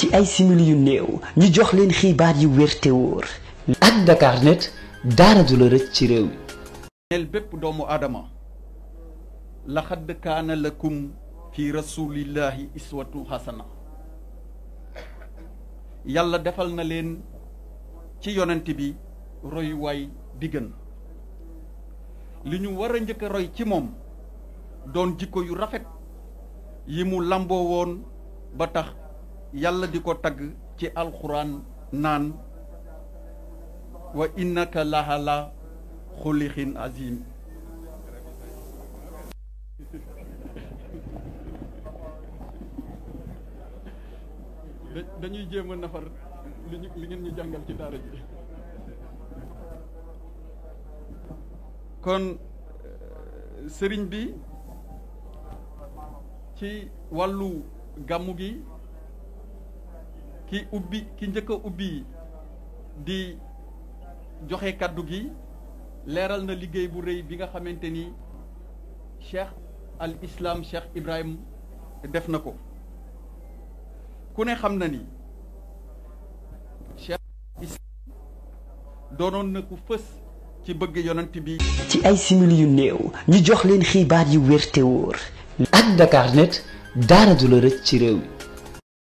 ci ay simili yu néew ñu jox leen xibaar yu wér te wóor ak Dakarnet daara du la rëcc ci réew mi neel bépp doomu aadama laxad kaana lakum fi rasulillahi iswatu hasana yàlla defal na leen ci yonent bi royuwaay bi gën li ñu war a njëkk roy ci moom doon jikko yu rafet yi mu lamboo woon ba tax yàlla di ko tagg ci alxuraan naan wa innaka lahala xulixin azim dañuy jéem a nafar li ñu li ngeen ñu jàngal ci daara ji kon sëriñ bi ci wàllu gàmmu gi ki ubbi ki njëkk ubbi di joxe kàddu gi leeral na liggéey bu rëy bi nga xamante ni cheikh al islam cheikh Ibrahim def na ko ku ne xam na ni cheikh doonoon na ku fës ci bëgg yonant bi. ci ay simili yu néew ñu jox leen xibaar yu wér te wóor. ak Dakarnet dara du la rëcc ci réew mi.